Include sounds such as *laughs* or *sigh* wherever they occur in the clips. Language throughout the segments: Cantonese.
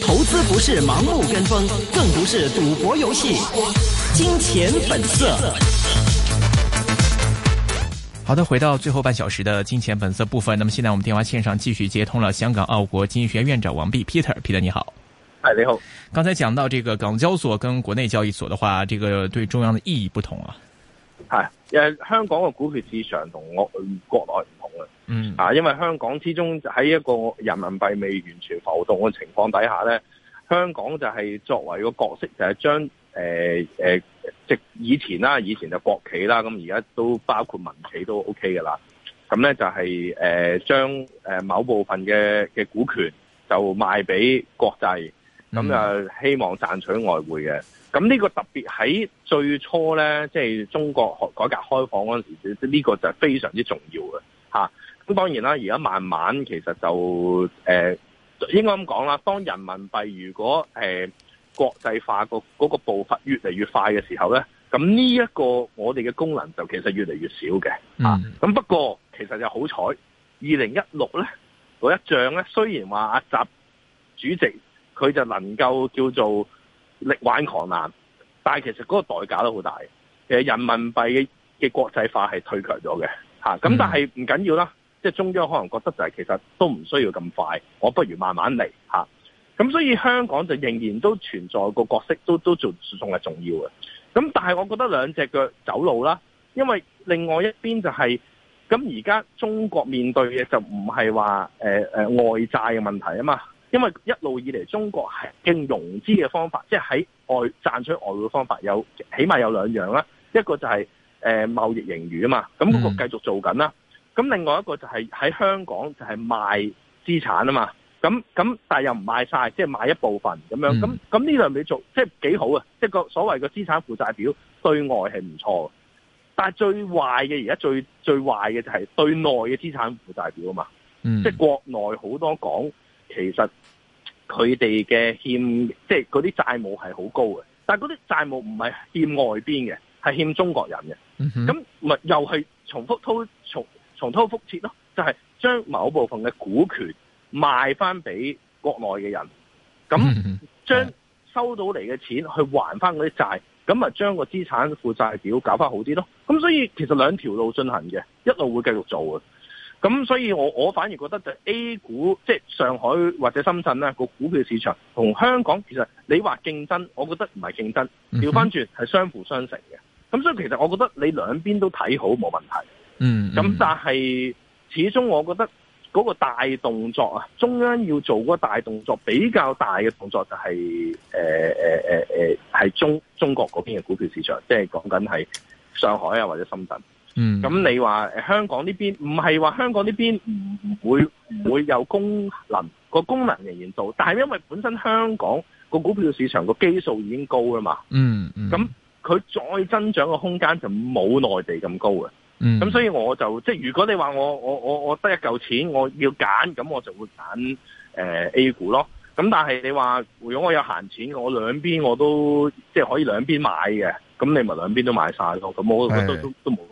投資不是盲目跟風，更不是賭博遊戲。金錢本色。好的，回到最後半小時的金錢本色部分。那麼現在我們電話線上繼續接通了香港奧國經濟學院院長王弼 Peter，Peter 你好，係你好。剛才講到這個港交所跟國內交易所的話，這個對中央的意義不同啊。係，誒，香港個股票市場同我國內。嗯，啊，因為香港始終喺一個人民幣未完全浮動嘅情況底下咧，香港就係作為個角色就是將，就係將誒誒，即以前啦，以前就國企啦，咁而家都包括民企都 OK 噶啦。咁咧就係誒將誒某部分嘅嘅股權就賣俾國際，咁就希望賺取外匯嘅。咁、嗯、呢個特別喺最初咧，即、就、係、是、中國改革開放嗰陣時候，呢、這個就非常之重要嘅。吓、啊、咁當然啦，而家慢慢其實就誒、呃，應該咁講啦。當人民幣如果誒、呃、國際化個個步伐越嚟越快嘅時候咧，咁呢一個我哋嘅功能就其實越嚟越少嘅、嗯。啊，咁不過其實就好彩，二零一六咧嗰一仗咧，雖然話阿習主席佢就能夠叫做力挽狂瀾，但係其實嗰個代價都好大。其實人民幣嘅國際化係退強咗嘅。咁、嗯、但係唔緊要啦，即係中央可能覺得就係其實都唔需要咁快，我不如慢慢嚟吓。咁所以香港就仍然都存在個角色，都都做仲係重要嘅。咁但係我覺得兩隻腳走路啦，因為另外一邊就係咁而家中國面對嘅就唔係話誒誒外債嘅問題啊嘛，因為一路以嚟中國係經融資嘅方法，即係喺外賺取外匯嘅方法有，起碼有兩樣啦，一個就係、是。誒，貿易盈餘啊嘛，咁個繼續做緊啦。咁、嗯、另外一個就係喺香港就係賣資產啊嘛，咁咁但係又唔賣晒，即係賣一部分咁樣。咁咁呢樣你做即係幾好啊，即係個所謂個資產負債表對外係唔錯。但係最壞嘅而家最最壞嘅就係對內嘅資產負債表啊嘛，嗯、即係國內好多講其實佢哋嘅欠即係嗰啲債務係好高嘅，但係嗰啲債務唔係欠外邊嘅。係欠中國人嘅，咁、嗯、咪又係重複掏、重重蹈覆轍咯，就係、是、將某部分嘅股權賣翻俾國內嘅人，咁將收到嚟嘅錢去還翻嗰啲債，咁咪將個資產負債表搞翻好啲咯。咁所以其實兩條路進行嘅，一路會繼續做嘅，咁所以我我反而覺得就 A 股即係、就是、上海或者深圳咧、那個股票市場同香港其實你話競爭，我覺得唔係競爭，調翻轉係相輔相成嘅。咁所以其實我覺得你兩邊都睇好冇問題。嗯。咁、嗯、但係，始終我覺得嗰個大動作啊，中央要做個大動作，比較大嘅動作就係誒誒誒誒，係、呃呃呃、中中國嗰邊嘅股票市場，即係講緊係上海啊或者深圳。嗯。咁你話香港呢邊，唔係話香港呢邊唔會有功能個、嗯、功能仍然做，但係因為本身香港個股票市場個基數已經高㗎嘛。嗯。咁、嗯。佢再增長嘅空間就冇內地咁高嘅。咁、嗯、所以我就即係如果你話我我我我得一嚿錢，我要揀，咁我就會揀誒、呃、A 股咯。咁但係你話如果我有閒錢，我兩邊我都即係可以兩邊買嘅，咁你咪兩邊都買晒咯。咁我都都都冇。都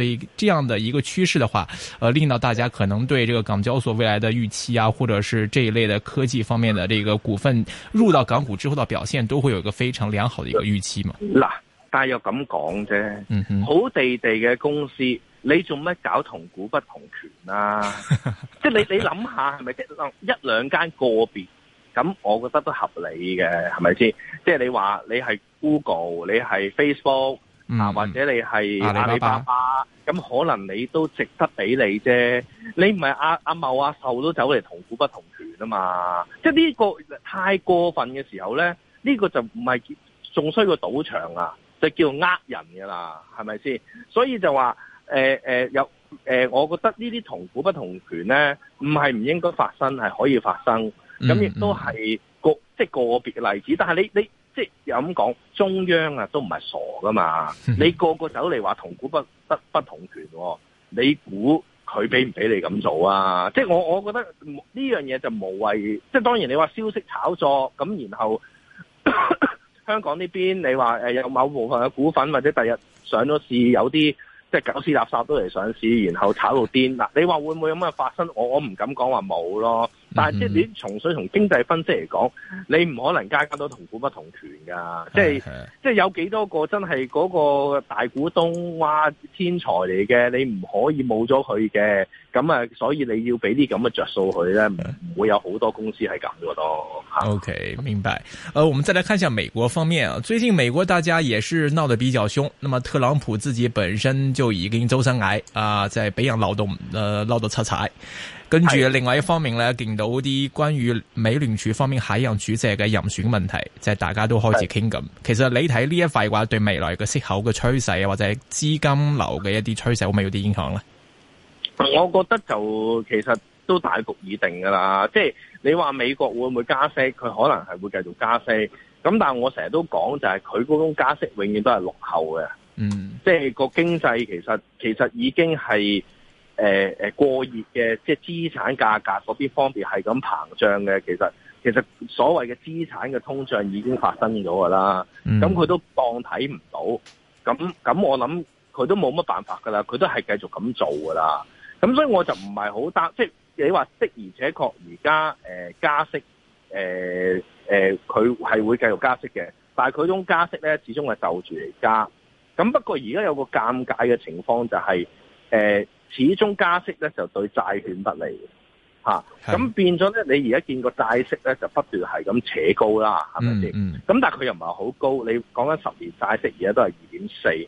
所以這樣的一個趨勢的話，呃，令到大家可能對這個港交所未來的預期啊，或者是這一類的科技方面的這個股份入到港股之後的表現，都會有一個非常良好的一個預期嘛。嗱，但係又咁講啫，嗯哼，好地地嘅公司，你做乜搞同股不同權啊？ *laughs* 即係你你諗下係咪？即係一兩間個別，咁我覺得都合理嘅，係咪先？即係你話你係 Google，你係 Facebook 啊，嗯，或者你係阿里巴巴。啊，咁可能你都值得俾你啫，你唔係阿阿茂阿秀都走嚟同股不同權啊嘛，即係呢個太過分嘅時候咧，呢個就唔係仲衰過賭場啊，就叫呃人噶啦，係咪先？所以就話誒誒有誒，我覺得呢啲同股不同權咧，唔係唔應該發生，係可以發生，咁亦都係個即係個別嘅例子，但係你你。你即係又咁講，中央啊都唔係傻噶嘛， *laughs* 你個個走嚟話同股不同不，不同權啊，你估佢俾唔俾你咁做啊？即係我我覺得呢樣嘢就無謂，即係當然你話消息炒作，咁然後 *coughs* 香港呢邊你話誒有某部分嘅股份或者第日上咗市有啲即係狗屎垃圾都嚟上市，然後炒到癲嗱， *laughs* 你話會唔會有咩發生？我我唔敢講話冇咯。但係即係你從粹從經濟分析嚟講，你唔可能家家都同股不同權㗎，即係即係有幾多個真係嗰個大股東哇天才嚟嘅，你唔可以冇咗佢嘅。咁啊，所以你要畀啲咁嘅着數佢咧，唔會有好多公司係咁嘅咯。OK，明白。呃，我們再來看一下美國方面啊，最近美國大家也是鬧得比較凶。那麼特朗普自己本身就已經周身蟻啊，在、就是、北洋鬧動，呃，鬧到七彩。跟住另外一方面咧，見到啲關於美聯儲方面下一任主席嘅人選問題，就係、是、大家都開始傾咁。其實你睇呢一塊嘅話，對未來嘅息口嘅趨勢啊，或者資金流嘅一啲趨勢，有冇啲影響咧？我覺得就其實都大局已定噶啦，即係你話美國會唔會加息，佢可能係會繼續加息。咁但係我成日都講就係佢嗰種加息永遠都係落後嘅，嗯，即係個經濟其實其實已經係，呃，過熱嘅，即係資產價格嗰邊方面係咁膨脹嘅。其實其實所謂嘅資產嘅通脹已經發生咗噶啦，咁，嗯，佢都當睇唔到，咁咁我諗佢都冇乜辦法噶啦，佢都係繼續咁做噶啦。咁所以我就唔係好答。即係你話，的而且確，而家誒加息，誒誒佢係會繼續加息嘅。但係佢種加息咧，始終係就住嚟加。咁不過而家有個尷尬嘅情況就係、是、誒、呃，始終加息咧就對債券不利吓。咁、啊、變咗咧，你而家見個債息咧就不斷係咁扯高啦，係咪先？咁但係佢又唔係好高。你講緊十年債息，而家都係二點四。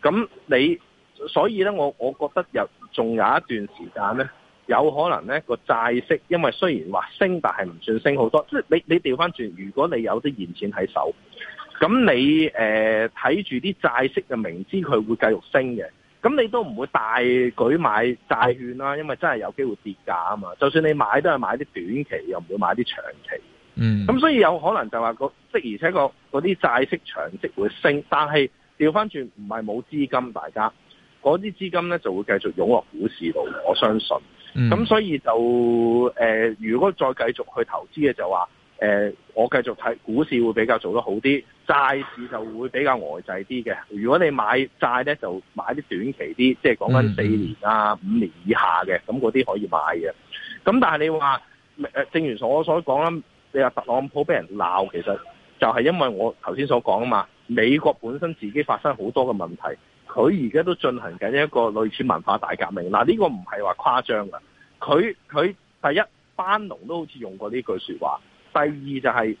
咁你？所以咧，我我覺得又仲有一段時間咧，有可能咧個債息，因為雖然話升，但係唔算升好多。即係你你調翻轉，如果你有啲現錢喺手，咁你誒睇住啲債息就明知佢會繼續升嘅，咁你都唔會大舉買債券啦，因為真係有機會跌價啊嘛。就算你買，都係買啲短期，又唔會買啲長期。嗯，咁所以有可能就話個即而且個嗰啲債息、長息會升，但係調翻轉唔係冇資金大家。嗰啲資金咧就會繼續湧落股市度，我相信。咁、嗯、所以就、呃、如果再繼續去投資嘅就話、呃，我繼續睇股市會比較做得好啲，債市就會比較呆滯啲嘅。如果你買債咧，就買啲短期啲，即係講緊四年啊、五年以下嘅，咁嗰啲可以買嘅。咁但係你話、呃、正如我所講啦，你話特朗普俾人鬧，其實就係因為我頭先所講啊嘛，美國本身自己發生好多嘅問題。佢而家都進行緊一個類似文化大革命嗱，呢、這個唔係話誇張噶。佢佢第一班農都好似用過呢句説話，第二就係、是、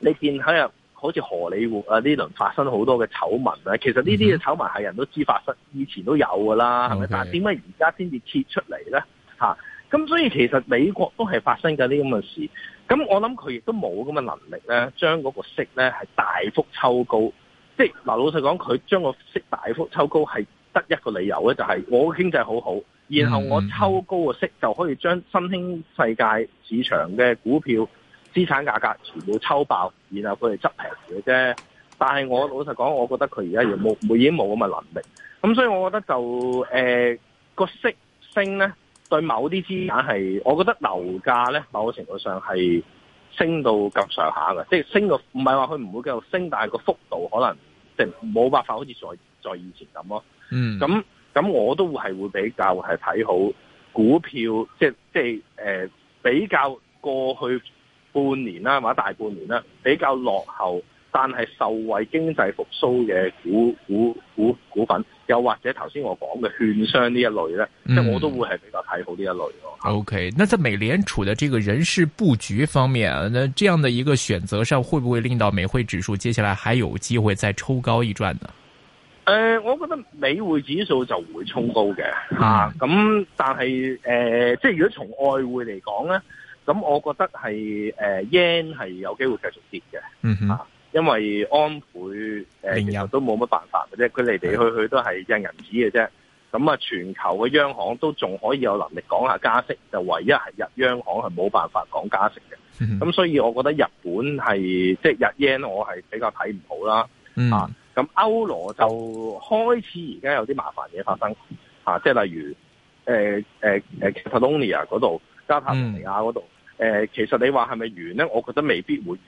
你見喺啊，好似荷里活啊呢輪發生好多嘅醜聞啊，其實呢啲嘅醜聞係人都知發生，以前都有㗎啦，係咪？Okay. 但係點解而家先至揭出嚟咧？嚇、啊！咁所以其實美國都係發生緊啲咁嘅事，咁我諗佢亦都冇咁嘅能力咧，將嗰個息咧係大幅抽高。即係嗱，老實講，佢將個息大幅抽高係得一個理由咧，就係、是、我經濟好好，然後我抽高個息就可以將新興世界市場嘅股票資產價格全部抽爆，然後佢哋執平嘅啫。但係我老實講，我覺得佢而家亦冇，已經冇咁嘅能力。咁所以我覺得就誒個、呃、息升咧，對某啲資產係，我覺得樓價咧，某個程度上係。升到咁上下嘅，即係升個，唔係話佢唔會繼續升，但係個幅度可能，即係冇辦法好似在在以前咁咯。嗯、mm.，咁咁我都係會比較係睇好股票，即係即係誒、呃，比較過去半年啦，或者大半年啦，比較落後。但係受惠經濟復甦嘅股股股股份，又或者頭先我講嘅券商呢一類咧，即、嗯、我都會係比較睇好呢一類嘅。O、okay, K，那在美聯儲的這個人事布局方面，那這樣的一個選擇上，會不會令到美匯指數接下來還有機會再抽高一轉呢？誒、呃，我覺得美匯指數就會衝高嘅嚇。咁、啊啊、但係誒、呃，即如果從外匯嚟講咧，咁我覺得係誒 yen 係有機會繼續跌嘅。嗯哼。啊因為安倍誒，呃、其實都冇乜辦法嘅啫，佢嚟嚟去去都係印銀紙嘅啫。咁啊，全球嘅央行都仲可以有能力講下加息，就唯一係日央行係冇辦法講加息嘅。咁、嗯、所以，我覺得日本係即係日 yen，我係比較睇唔好啦。啊，咁歐羅就開始而家有啲麻煩嘢發生嚇、啊，即係例如誒誒誒，Catalonia 嗰度、加泰羅尼亞嗰度，誒、嗯呃、其實你話係咪完咧？我覺得未必會完。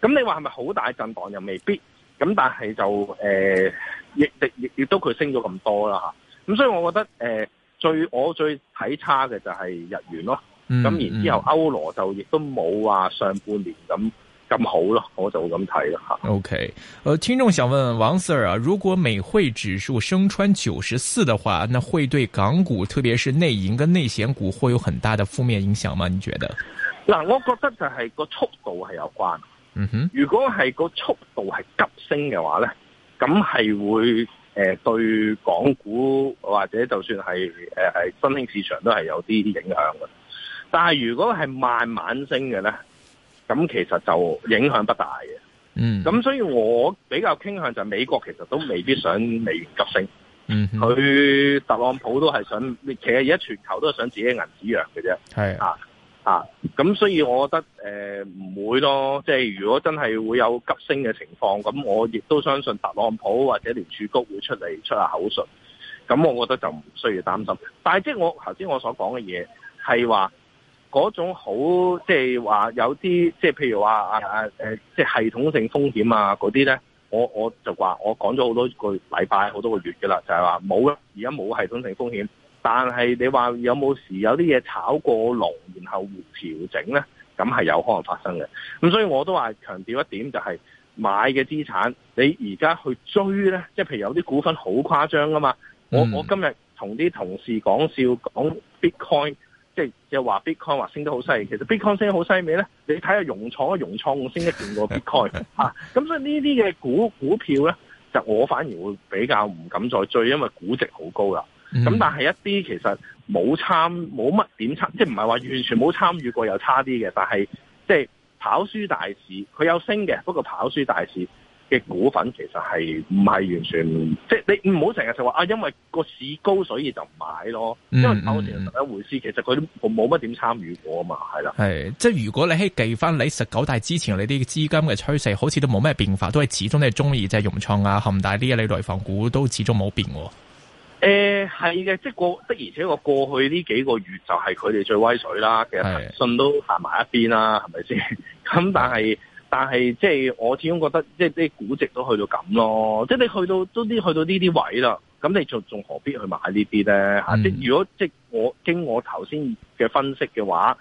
咁你話係咪好大震盪？又未必？咁但係就誒，亦亦亦都佢升咗咁多啦吓，咁、啊、所以我覺得誒、呃，最我最睇差嘅就係日元咯，咁、啊、然之後歐羅就亦都冇話上半年咁咁好咯，我就咁睇啦吓。O K，誒，聽眾想問王 Sir 啊，如果美匯指數升穿九十四嘅話，那會對港股，特別是內銀跟內險股，會有很大的負面影響嗎？你覺得？嗱，我覺得就係個速度係有關。如果係個速度係急升嘅話呢，咁係會誒、呃、對港股或者就算係誒係新興市場都係有啲影響嘅。但係如果係慢慢升嘅呢，咁其實就影響不大嘅。嗯，咁所以我比較傾向就是美國其實都未必想美元急升。佢、嗯、特朗普都係想，其實而家全球都係想自己銀紙弱嘅啫。係啊。啊，咁所以我覺得誒唔、呃、會咯，即係如果真係會有急升嘅情況，咁我亦都相信特朗普或者聯儲局會出嚟出下口述，咁我覺得就唔需要擔心。但係即係我頭先我所講嘅嘢係話嗰種好，即係話有啲即係譬如話啊啊誒，即、啊、係、啊啊、系統性風險啊嗰啲咧，我我就話我講咗好多個禮拜，好多個月噶啦，就係話冇啦，而家冇系統性風險。但係你話有冇時有啲嘢，炒過龍然後調整咧，咁係有可能發生嘅。咁所以我都話強調一點，就係買嘅資產，你而家去追咧，即係譬如有啲股份好誇張噶嘛。我我今日同啲同事講笑講 Bitcoin，即係就話 Bitcoin 話升得好犀利，其實 Bitcoin 升得好犀利咧，你睇下融創，融創升得勁過 Bitcoin *laughs* 啊。咁所以呢啲嘅股股票咧，就我反而會比較唔敢再追，因為估值好高啦。咁、嗯、但係一啲其實冇參冇乜點參，即係唔係話完全冇參與過又差啲嘅，但係即係跑輸大市，佢有升嘅。不過跑輸大市嘅股份其實係唔係完全，即係你唔好成日就話啊，因為個市高所以就唔買咯。因為某程度係一回事，其實佢都冇乜點參與過啊嘛，係啦。係即係如果你喺計翻你十九大之前你啲資金嘅趨勢，好似都冇咩變化，都係始終你係中意即係融創啊、恒大呢一類內房股都始終冇變，啊。誒、欸，係嘅，即係過，的而且我過去呢幾個月就係佢哋最威水啦，其實騰訊都行埋一邊啦，係咪先？咁但係，但係即係我始終覺得，即係啲估值都去到咁咯，即係你去到都啲去到呢啲位啦，咁你仲仲何必去買呢啲咧？吓、嗯，即係如果即係我經我頭先嘅分析嘅話。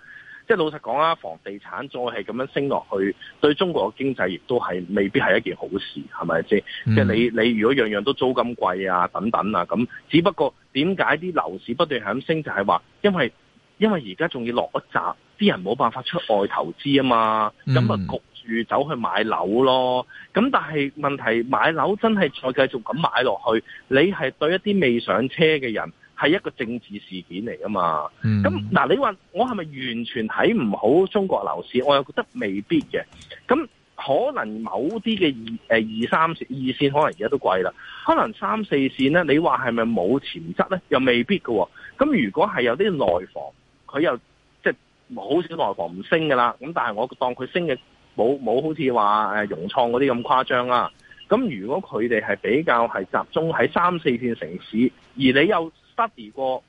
即係老實講啊，房地產再係咁樣升落去，對中國嘅經濟亦都係未必係一件好事，係咪先？即係你你如果樣樣都租金貴啊，等等啊咁。咁只不過點解啲樓市不斷係咁升，就係話因為因為而家仲要落一閘，啲人冇辦法出外投資啊嘛，咁啊焗住走去買樓咯。咁但係問題買樓真係再繼續咁買落去，你係對一啲未上車嘅人，係一個政治事件嚟噶嘛？咁、嗯、嗱，那你話我係咪完全睇唔好中國樓市？我又覺得未必嘅。咁可能某啲嘅二誒二三線二線可能而家都貴啦，可能三四線咧，你話係咪冇潛質咧？又未必嘅。咁如果係有啲內房，佢又即係好少內房唔升噶啦。咁但係我當佢升嘅冇冇好似話誒融創嗰啲咁誇張啦。咁如果佢哋係比較係集中喺三四線城市，而你又，得而過，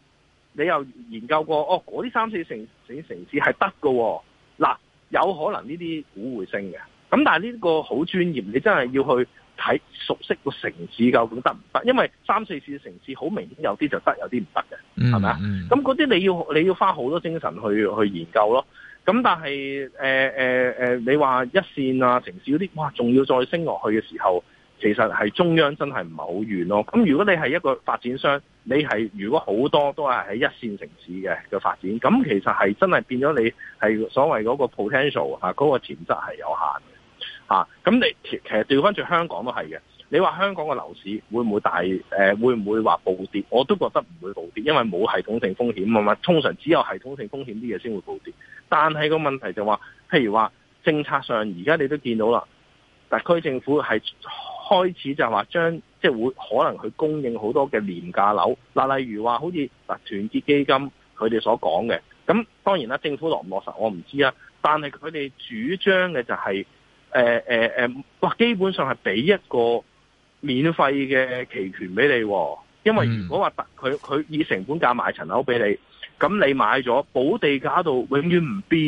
你又研究過哦？嗰啲三四線城城城市係得㗎，嗱，有可能呢啲股會升嘅。咁但係呢個好專業，你真係要去睇熟悉個城市究竟得唔得？因為三四線城市好明顯有啲就得，有啲唔得嘅，係咪啊？咁嗰啲你要你要花好多精神去去研究咯。咁但係誒誒誒，你話一線啊城市嗰啲，哇，仲要再升落去嘅時候，其實係中央真係唔係好遠咯。咁如果你係一個發展商，你係如果好多都係喺一線城市嘅嘅發展，咁其實係真係變咗你係所謂嗰個 potential 嚇，嗰個潛質係有限嘅嚇。咁、啊、你其實調翻轉香港都係嘅。你話香港嘅樓市會唔會大？誒、呃、會唔會話暴跌？我都覺得唔會暴跌，因為冇系統性風險啊嘛。通常只有系統性風險啲嘢先會暴跌。但係個問題就話、是，譬如話政策上而家你都見到啦，特區政府係開始就話將。即係會可能去供應好多嘅廉價樓嗱，例如話好似嗱，團結基金佢哋所講嘅，咁當然啦，政府落唔落實我唔知啊，但係佢哋主張嘅就係誒誒誒，哇、呃呃，基本上係俾一個免費嘅期權俾你，因為如果話佢佢以成本價買層樓俾你，咁你買咗保地價度永遠唔變，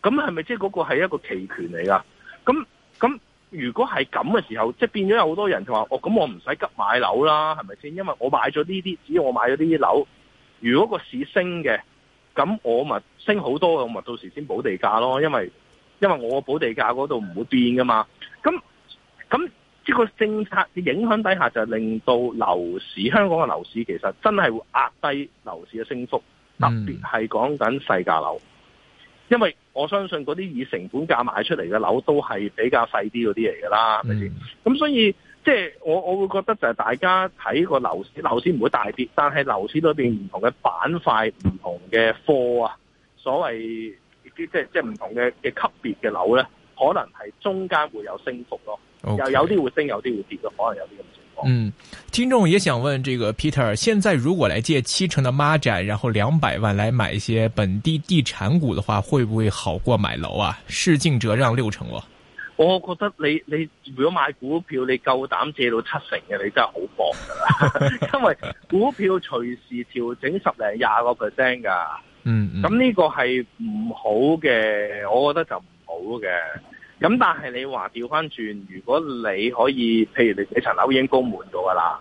咁係咪即係嗰個係一個期權嚟噶？咁咁。如果係咁嘅時候，即係變咗有好多人就話，哦，咁我唔使急買樓啦，係咪先？因為我買咗呢啲，只要我買咗呢啲樓，如果個市升嘅，咁我咪升好多嘅，咁咪到時先補地價咯。因為因為我補地價嗰度唔會變噶嘛。咁咁即個政策嘅影響底下，就係令到樓市香港嘅樓市其實真係會壓低樓市嘅升幅，特別係講緊細價樓，因為。我相信嗰啲以成本價買出嚟嘅樓都係比較細啲嗰啲嚟㗎啦，係咪先？咁所以即係、就是、我我會覺得就係大家睇個樓市，樓市唔會大跌，但係樓市裏邊唔同嘅板塊唔、嗯、同嘅貨啊，所謂啲即係即係唔同嘅嘅級別嘅樓咧，可能係中間會有升幅咯、啊，又、okay. 有啲會升，有啲會跌咯，可能有啲咁。嗯，聽眾也想問，這個 Peter，現在如果來借七成的孖展，然後兩百萬來買一些本地地產股的話，會不會好過買樓啊？市淨折讓六成，哦，我覺得你你如果買股票，你夠膽借到七成嘅，你真係好搏啦 *laughs* 因為股票隨時調整十零廿 *laughs* 個 percent 噶，咁呢個係唔好嘅，我覺得就唔好嘅。咁但係你話調翻轉，如果你可以，譬如你你層樓已經供滿咗噶啦，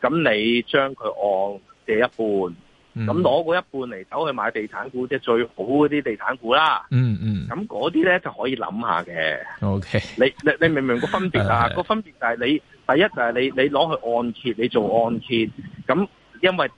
咁你將佢按借一半，咁攞嗰一半嚟走去買地產股，即係最好嗰啲地產股啦。嗯嗯，咁嗰啲咧就可以諗下嘅。OK，你你你明唔明個分別啊？ *laughs* 個分別就係你第一就係你你攞去按揭，你做按揭，咁因為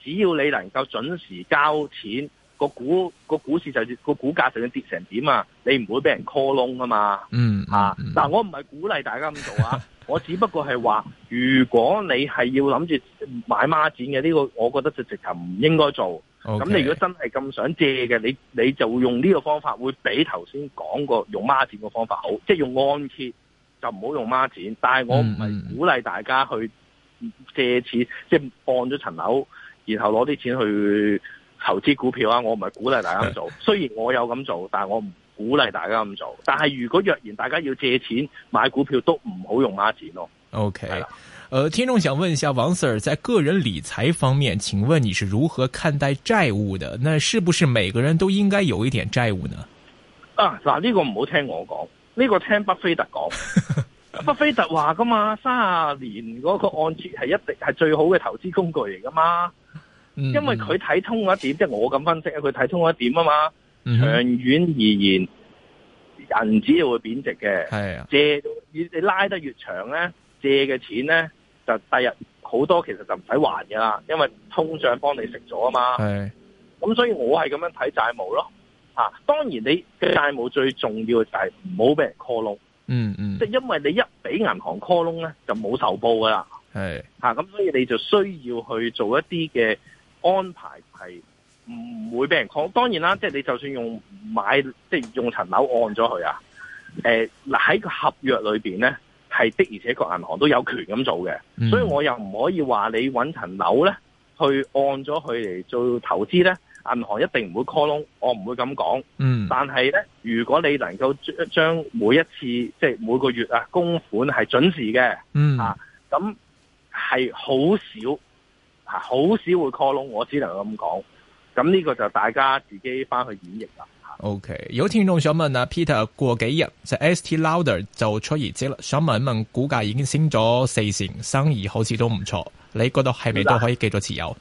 只要你能夠準時交錢。個股個股市就算，個股價就算跌成點啊，你唔會俾人 call 窿啊嘛。嗯，吓嗱，我唔係鼓勵大家咁做啊， *laughs* 我只不過係話，如果你係要諗住買孖展嘅呢個，我覺得就直頭唔應該做。咁，okay. 你如果真係咁想借嘅，你你就用呢個方法會比頭先講過用孖展嘅方法好，即係用按揭就唔好用孖展。但係我唔係鼓勵大家去借錢，mm -hmm. 即係按咗層樓，然後攞啲錢去，投資股票啊，我唔係鼓勵大家咁做，雖然我有咁做，但係我唔鼓勵大家咁做。但係如果若然大家要借錢買股票，都唔好用孖展咯。OK，誒、呃，聽眾想問一下王 Sir，在個人理財方面，請問你是如何看待債務的？那是不是每個人都應該有一點債務呢？啊，嗱，呢個唔好聽我講，呢、呢個聽北非特講， *laughs* 北非特話噶嘛，三十年嗰個按揭係一定係最好嘅投資工具嚟噶嘛。因為佢睇通咗一點，即、嗯、係、就是、我咁分析啊，佢睇通咗一點啊嘛、嗯，長遠而言，銀紙會貶值嘅。係啊，借你你拉得越長咧，借嘅錢咧就第日好多，其實就唔使還噶啦，因為通脹幫你食咗啊嘛。係，咁所以我係咁樣睇債務咯，吓、啊，當然你嘅債務最重要嘅就係唔好俾人 call 窿，嗯嗯，即係因為你一俾銀行 call 窿咧，就冇仇報噶啦。係、啊，吓咁所以你就需要去做一啲嘅。安排係唔會俾人 call，當然啦，即係你就算用買，即係用層樓按咗佢啊。誒，嗱喺個合約裏邊咧，係的而且確銀行都有權咁做嘅，所以我又唔可以話你搵層樓咧去按咗佢嚟做投資咧，銀行一定唔會 call 窿，我唔會咁講。嗯，但係咧，如果你能夠將每一次即係每個月啊供款係準時嘅，嗯啊，咁係好少。好少會 call 我只能咁講。咁呢個就大家自己翻去演繹啦。OK，有聽眾想問啊，Peter，過幾日就 ST louder 就出業績啦，想問一問股價已經升咗四成，生意好似都唔錯，你覺得係咪都可以繼續持有？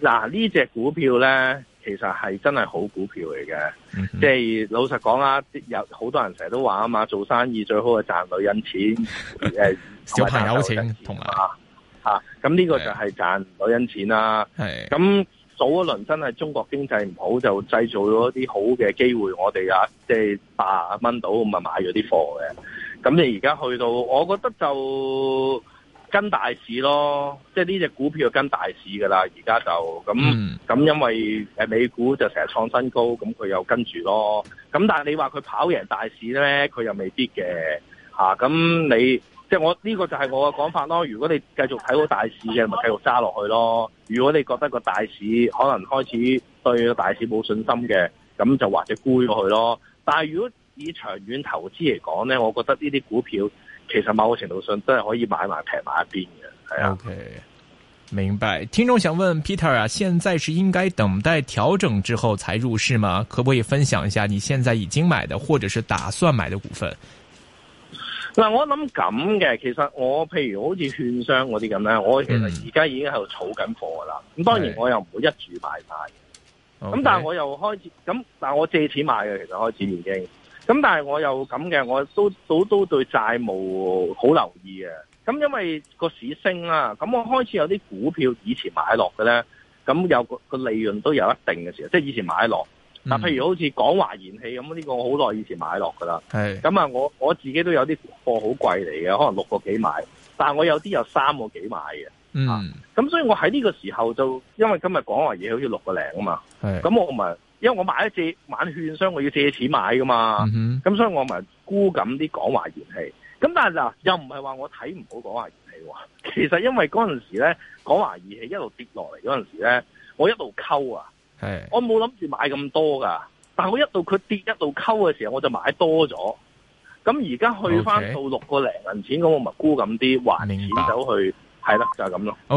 嗱、嗯，呢隻股票咧，其實係真係好股票嚟嘅。即係老實講啦，有好多人成日都話啊嘛，做生意最好係賺女人錢，誒，小朋友錢同埋。吓、啊，咁呢個就係賺女人錢啦。係，咁早一輪真係中國經濟唔好，就製造咗啲好嘅機會，我哋啊，即係八蚊到，咁咪買咗啲貨嘅。咁你而家去到，我覺得就跟大市咯，即係呢隻股票就跟大市噶啦。而家就咁咁，嗯、因為誒美股就成日創新高，咁佢又跟住咯。咁但係你話佢跑贏大市咧，佢又未必嘅。吓、啊，咁你。即係我呢個就係我嘅講法咯。如果你繼續睇好大市嘅，咪繼續揸落去咯。如果你覺得個大市可能開始對大市冇信心嘅，咁就或者沽過去咯。但係如果以長遠投資嚟講呢，我覺得呢啲股票其實某個程度上真係可以買埋蹄埋一邊嘅。O K，明白。聽眾想問 Peter 啊，現在是應該等待調整之後才入市嗎？可唔可以分享一下你現在已經買的，或者是打算買的股份？嗱，我諗咁嘅，其實我譬如好似券商嗰啲咁咧，okay. 我其實而家已經喺度儲緊貨噶啦。咁當然我又唔會一注買晒，咁、okay. 但係我又開始咁，但係我借錢買嘅，其實開始已經。咁但係我又咁嘅，我都都都對債務好留意嘅。咁因為個市升啦，咁我開始有啲股票以前買落嘅咧，咁有個個利潤都有一定嘅時候，即係以前買落。嗱、嗯，但譬如好似廣華燃氣咁，呢個我好耐以前買落噶啦。係咁啊，我我自己都有啲貨好貴嚟嘅，可能六個幾買。但係我有啲有三個幾買嘅。嗯。咁、啊、所以我喺呢個時候就，因為今日廣華燃氣好似六個零啊嘛。係。咁我咪，因為我買一借買券商，我要借錢買噶嘛。咁、嗯、所以我咪沽緊啲廣華燃氣。咁但係嗱，又唔係話我睇唔好廣華燃氣喎。其實因為嗰陣時咧，廣華燃氣一路跌落嚟，嗰陣時咧，我一路溝啊。我冇諗住買咁多噶，但係我一到佢跌一到溝嘅時候，我就買多咗。咁而家去翻到六個零銀錢咁，我咪沽咁啲還錢走去，係啦，就係咁咯。Okay。